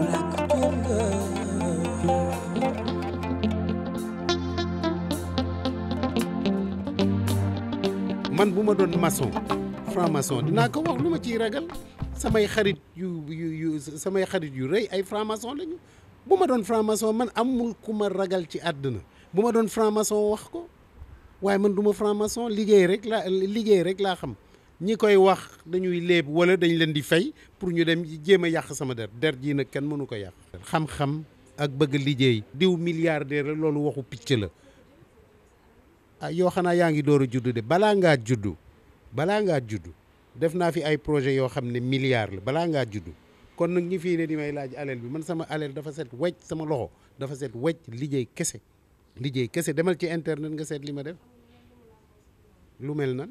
man bu ma doon maçon franc maçon dinaa ko wax lu ma ciy ragal samay xarit yu yu xarit yu rëy ay franc maçon lañu bu ma doon franc maçon man amul ku ma ragal ci àdduna bu ma doon franc maçon wax ko waaye man du ma franc maçon liggéey rek laa liggéey rek laa xam ñi koy wax dañuy leeb wala dañ leen di fay pour ñu dem jéem a yàq sama der der ji nag kenn mënu ko yàq xam-xam ak bëgg liggéey diw milliardaire la loolu waxu picc la ah yoo xanaa yaa ngi door de balaa ngaa juddu balaa ngaa juddu def naa fi ay projet yoo xam ne milliard la balaa ngaa juddu kon nag ñi fii ne di may laaj alel bi man sama alel dafa set wecc sama loxo dafa set wecc liggéey kese liggéey kese demal ci internet nga seet li ma def lu mel nan